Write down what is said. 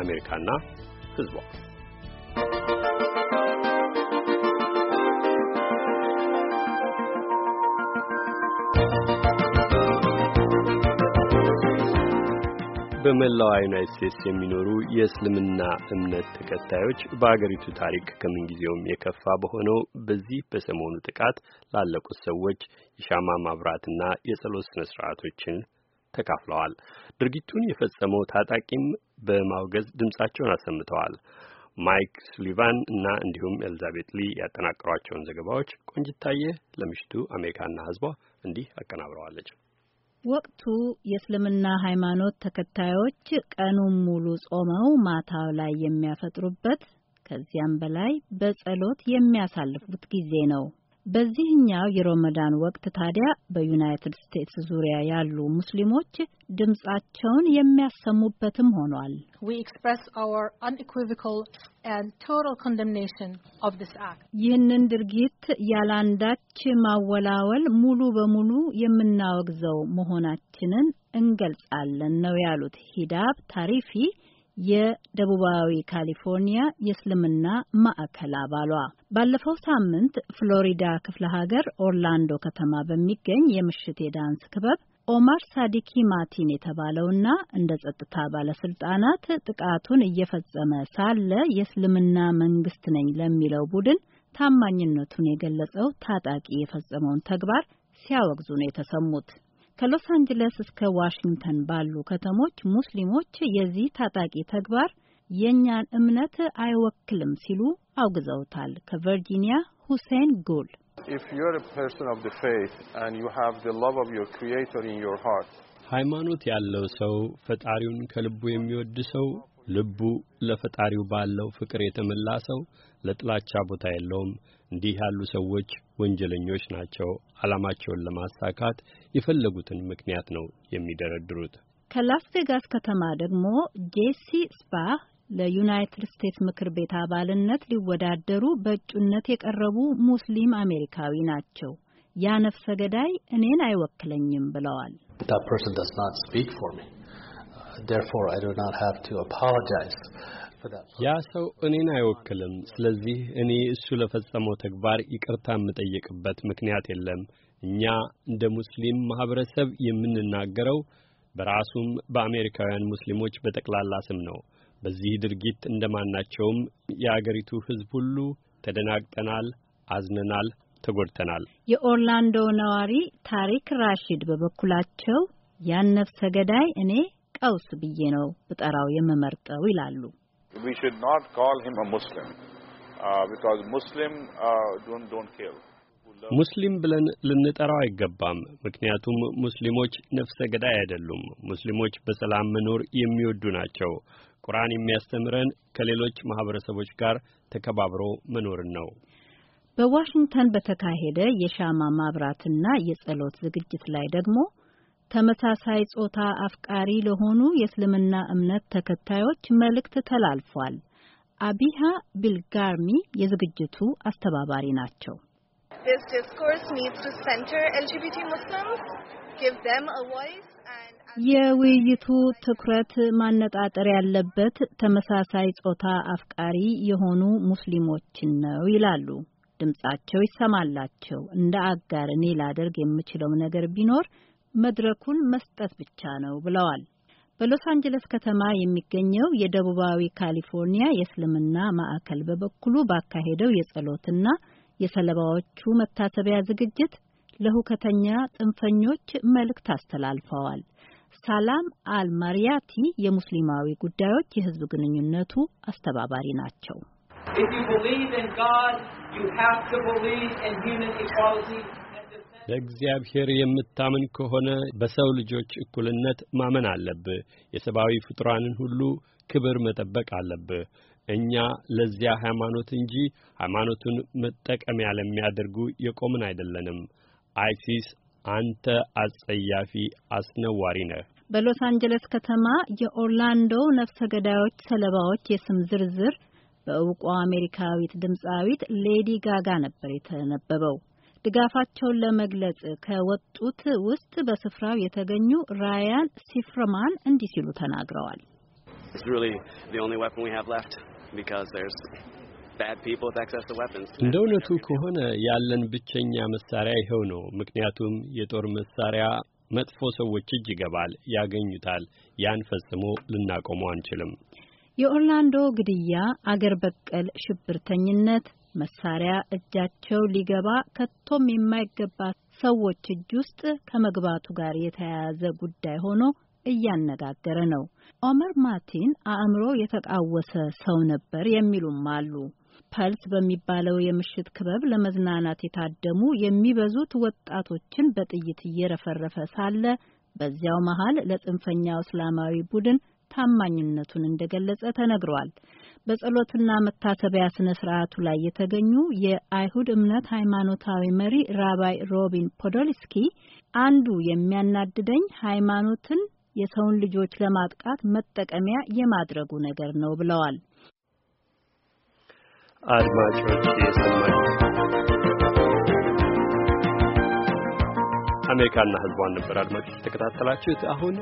አሜሪካና ህዝቧ በመላዋ ዩናይት ስቴትስ የሚኖሩ የእስልምና እምነት ተከታዮች በአገሪቱ ታሪክ ከምንጊዜውም የከፋ በሆነው በዚህ በሰሞኑ ጥቃት ላለቁት ሰዎች የሻማ ማብራትና የጸሎት ስነ ስርዓቶችን ተካፍለዋል። ድርጊቱን የፈጸመው ታጣቂም በማውገዝ ድምጻቸውን አሰምተዋል። ማይክ ሱሊቫን እና እንዲሁም ኤልዛቤት ሊ ያጠናቀሯቸውን ዘገባዎች ቆንጅታየ ለምሽቱ አሜሪካና ህዝቧ እንዲህ አቀናብረዋለች። ወቅቱ የእስልምና ሃይማኖት ተከታዮች ቀኑን ሙሉ ጾመው ማታው ላይ የሚያፈጥሩበት ከዚያም በላይ በጸሎት የሚያሳልፉት ጊዜ ነው። በዚህኛው የሮመዳን ወቅት ታዲያ በዩናይትድ ስቴትስ ዙሪያ ያሉ ሙስሊሞች ድምጻቸውን የሚያሰሙበትም ሆኗል። ይህንን ድርጊት ያላንዳች ማወላወል ሙሉ በሙሉ የምናወግዘው መሆናችንን እንገልጻለን ነው ያሉት ሂዳብ ታሪፊ የደቡባዊ ካሊፎርኒያ የእስልምና ማዕከል አባሏ። ባለፈው ሳምንት ፍሎሪዳ ክፍለ ሀገር ኦርላንዶ ከተማ በሚገኝ የምሽት የዳንስ ክበብ ኦማር ሳዲኪ ማቲን የተባለውና እንደ ጸጥታ ባለስልጣናት ጥቃቱን እየፈጸመ ሳለ የእስልምና መንግስት ነኝ ለሚለው ቡድን ታማኝነቱን የገለጸው ታጣቂ የፈጸመውን ተግባር ሲያወግዙ ነው የተሰሙት። ከሎስ አንጀለስ እስከ ዋሽንግተን ባሉ ከተሞች ሙስሊሞች የዚህ ታጣቂ ተግባር የእኛን እምነት አይወክልም ሲሉ አውግዘውታል። ከቨርጂኒያ ሁሴን ጉል ሃይማኖት ያለው ሰው ፈጣሪውን ከልቡ የሚወድ ሰው ልቡ ለፈጣሪው ባለው ፍቅር የተመላ ሰው ለጥላቻ ቦታ የለውም። እንዲህ ያሉ ሰዎች ወንጀለኞች ናቸው። ዓላማቸውን ለማሳካት የፈለጉትን ምክንያት ነው የሚደረድሩት። ከላስ ቬጋስ ከተማ ደግሞ ጄሲ ስፓህ ለዩናይትድ ስቴትስ ምክር ቤት አባልነት ሊወዳደሩ በእጩነት የቀረቡ ሙስሊም አሜሪካዊ ናቸው። ያ ነፍሰ ገዳይ እኔን አይወክለኝም ብለዋል። therefore I do not have to apologize ያ ሰው እኔን አይወክልም። ስለዚህ እኔ እሱ ለፈጸመው ተግባር ይቅርታ የምጠይቅበት ምክንያት የለም። እኛ እንደ ሙስሊም ማህበረሰብ የምንናገረው በራሱም በአሜሪካውያን ሙስሊሞች በጠቅላላ ስም ነው። በዚህ ድርጊት እንደማናቸውም የአገሪቱ ሕዝብ ሁሉ ተደናግጠናል፣ አዝነናል፣ ተጎድተናል። የኦርላንዶ ነዋሪ ታሪክ ራሺድ በበኩላቸው ያን ነፍሰ ገዳይ እኔ ቀውስ ብዬ ነው ብጠራው የምመርጠው ይላሉ። ሙስሊም ብለን ልንጠራው አይገባም። ምክንያቱም ሙስሊሞች ነፍሰ ገዳይ አይደሉም። ሙስሊሞች በሰላም መኖር የሚወዱ ናቸው። ቁርአን የሚያስተምረን ከሌሎች ማህበረሰቦች ጋር ተከባብሮ መኖርን ነው። በዋሽንግተን በተካሄደ የሻማ ማብራትና የጸሎት ዝግጅት ላይ ደግሞ ተመሳሳይ ጾታ አፍቃሪ ለሆኑ የእስልምና እምነት ተከታዮች መልእክት ተላልፏል። አቢሃ ቢልጋርሚ የዝግጅቱ አስተባባሪ ናቸው። የውይይቱ ትኩረት ማነጣጠር ያለበት ተመሳሳይ ጾታ አፍቃሪ የሆኑ ሙስሊሞችን ነው ይላሉ። ድምጻቸው ይሰማላቸው። እንደ አጋር እኔ ላደርግ የምችለው ነገር ቢኖር መድረኩን መስጠት ብቻ ነው ብለዋል። በሎስ አንጀለስ ከተማ የሚገኘው የደቡባዊ ካሊፎርኒያ የእስልምና ማዕከል በበኩሉ ባካሄደው የጸሎትና የሰለባዎቹ መታሰቢያ ዝግጅት ለሁከተኛ ጽንፈኞች መልእክት አስተላልፈዋል። ሳላም አልማሪያቲ የሙስሊማዊ ጉዳዮች የህዝብ ግንኙነቱ አስተባባሪ ናቸው። በእግዚአብሔር የምታምን ከሆነ በሰው ልጆች እኩልነት ማመን አለብህ። የሰብአዊ ፍጡራንን ሁሉ ክብር መጠበቅ አለብህ። እኛ ለዚያ ሃይማኖት እንጂ ሃይማኖቱን መጠቀሚያ ለሚያደርጉ የቆምን አይደለንም። አይሲስ አንተ አጸያፊ አስነዋሪ ነህ። በሎስ አንጀለስ ከተማ የኦርላንዶ ነፍሰ ገዳዮች ሰለባዎች የስም ዝርዝር በእውቋ አሜሪካዊት ድምፃዊት ሌዲ ጋጋ ነበር የተነበበው። ድጋፋቸውን ለመግለጽ ከወጡት ውስጥ በስፍራው የተገኙ ራያን ሲፍረማን እንዲህ ሲሉ ተናግረዋል። እንደ እውነቱ ከሆነ ያለን ብቸኛ መሳሪያ ይኸው ነው። ምክንያቱም የጦር መሳሪያ መጥፎ ሰዎች እጅ ይገባል፣ ያገኙታል። ያን ፈጽሞ ልናቆመው አንችልም። የኦርላንዶ ግድያ አገር በቀል ሽብርተኝነት መሳሪያ እጃቸው ሊገባ ከቶም የማይገባ ሰዎች እጅ ውስጥ ከመግባቱ ጋር የተያያዘ ጉዳይ ሆኖ እያነጋገረ ነው። ኦመር ማቲን አእምሮ የተቃወሰ ሰው ነበር የሚሉም አሉ። ፐልስ በሚባለው የምሽት ክበብ ለመዝናናት የታደሙ የሚበዙት ወጣቶችን በጥይት እየረፈረፈ ሳለ በዚያው መሀል ለጽንፈኛው እስላማዊ ቡድን ታማኝነቱን እንደገለጸ ተነግሯል። በጸሎትና መታሰቢያ ስነ ስርዓቱ ላይ የተገኙ የአይሁድ እምነት ሃይማኖታዊ መሪ ራባይ ሮቢን ፖዶልስኪ አንዱ የሚያናድደኝ ሃይማኖትን የሰውን ልጆች ለማጥቃት መጠቀሚያ የማድረጉ ነገር ነው ብለዋል። አድማጮች አሜሪካና ህዝቧን ነበር አድማጮች የተከታተላችሁት አሁን